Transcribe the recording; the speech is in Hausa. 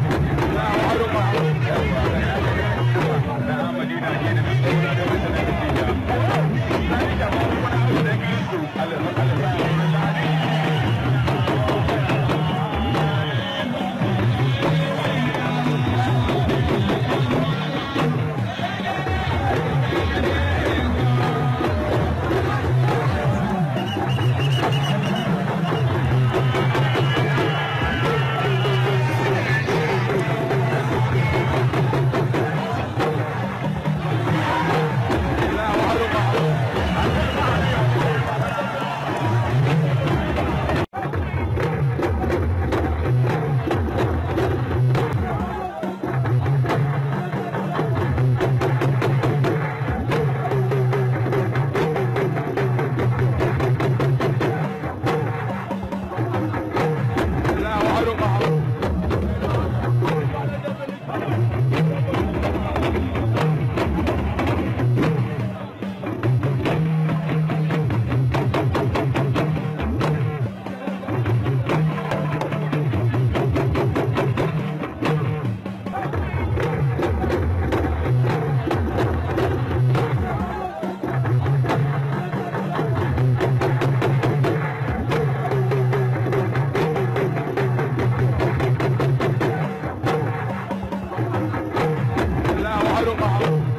Thank you. barro, barro.